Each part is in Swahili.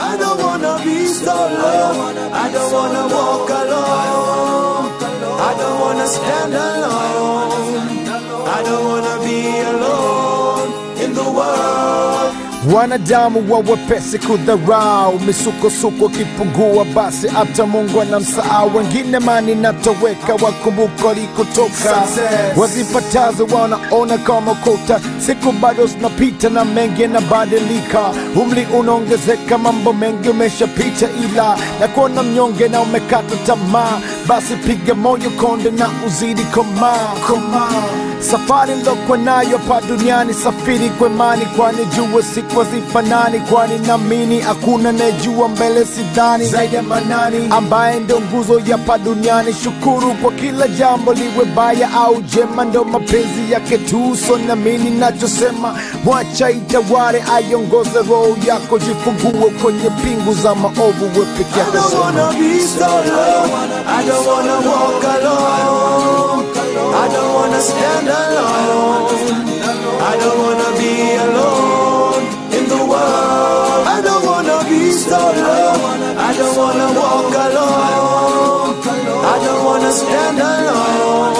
I don't wanna be so I don't wanna walk alone. I don't wanna stand alone. I don't Wanadamu wa wepesi kudharau, misukosuko kipungua, basi hata Mungu anamsahau. Wengine mani natoweka, wakumbuka likutoka Wazipatazo wanaona kama kota, siku bado zinapita na mengi yanabadilika. umli unaongezeka, mambo mengi umeshapita, ila na kuona mnyonge na umekata tamaa basi piga moyo konde na uzidi komaa koma. Safari mlokwa nayo pa duniani, safiri kwa imani, kwani jua siku hazifanani, kwani namini hakuna najua mbele sidhani zaidi ya Manani ambaye ndo nguzo ya pa duniani. Shukuru kwa kila jambo, liwe baya au jema, ndo mapenzi yake tu. So namini nachosema, mwacha itaware ayongoze roho yako, jifungue kwenye pingu za maovu, we peke yako. don't wanna walk alone. I don't wanna stand alone. I don't wanna be alone in the world. I don't wanna be so alone. I don't wanna walk alone. I don't wanna stand alone.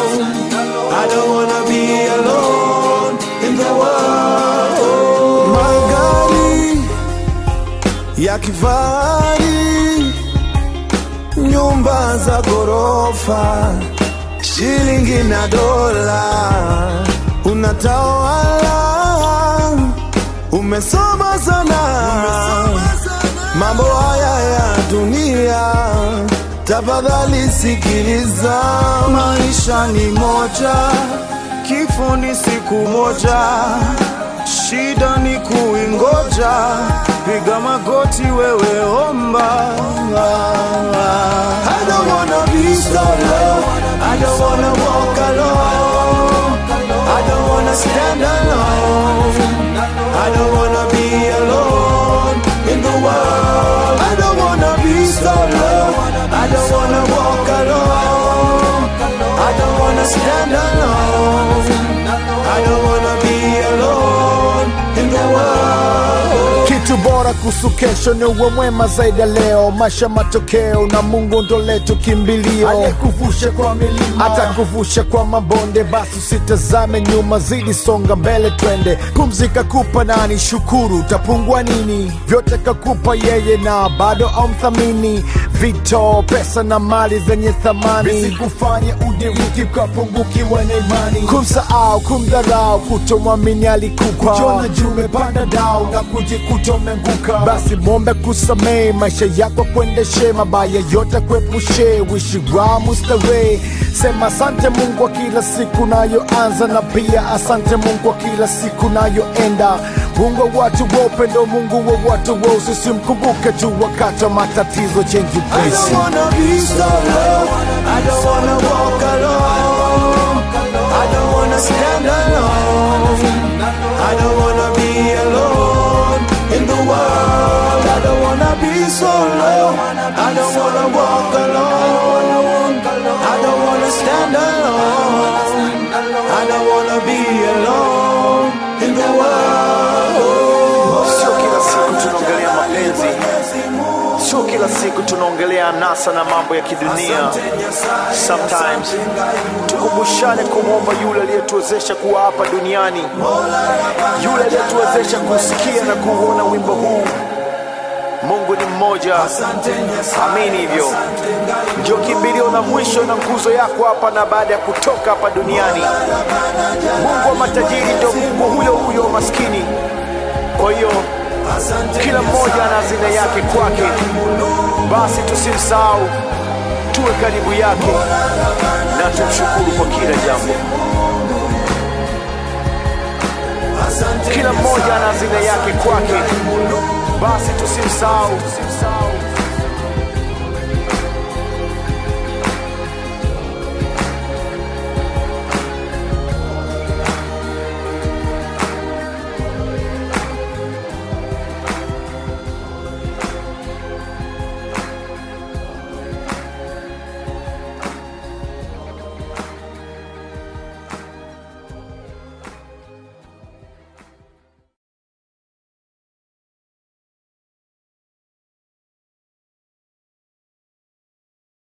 I don't wanna be alone in the world. My God, Yakivar. ghorofa, shilingi na dola, unatawala, umesoma sana, mambo haya ya dunia. Tafadhali sikiliza, maisha ni moja, kifo ni siku moja, shida ni kuingoja piga magoti wewe omba ah, ah. I don't wanna be so I don't wanna walk alone I don't wanna stand alone I don't wanna be alone in the world I don't wanna be so Kitu bora kuhusu kesho ni uwe mwema zaidi ya leo. Maisha matokeo, na Mungu ndo letu kimbilio. Aliyekuvusha kwa milima atakuvusha kwa mabonde, basi usitazame nyuma, zidi songa mbele, twende. Pumzika kupa nani, shukuru, utapungua nini? Vyote kakupa yeye, na bado au mthamini vito, pesa na mali zenye thamani visikufanye udiriki ukapungukiwa na imani, kumsahau, kumdharau, kutomwamini alikukwa kujiona jume umepanda dao na kujikuta umeanguka. Basi mombe kusamei maisha yako kuendeshe, mabaya yote kuepushe, wishi wa mustarehe. Sema asante Mungu wa kila siku nayoanza, na pia asante Mungu wa kila siku nayoenda. Mungu wa watu wa upendo, Mungu wa watu si mkubuke tu wakati wa matatizo chengi I don't wanna be so I don't wanna walk alone. I don't wanna stand alone. I don't wanna be alone in the world. I don't wanna be so I don't wanna walk. kila siku tunaongelea nasa na mambo ya kidunia. Sometimes tukumbushane kumwomba yule aliyetuwezesha kuwa hapa duniani, yule aliyetuwezesha kusikia na kuuona wimbo huu. Mungu ni mmoja, amini hivyo. Ndio kimbilio na mwisho na nguzo yako hapa na baada ya kutoka hapa duniani. Mungu wa matajiri ndio Mungu huyo huyo wa maskini. Kwa hiyo kila mmoja ana hazina yake kwake, basi tusimsahau, tuwe karibu yake na tumshukuru kwa kila jambo. Kila mmoja ana hazina yake kwake, basi tusimsahau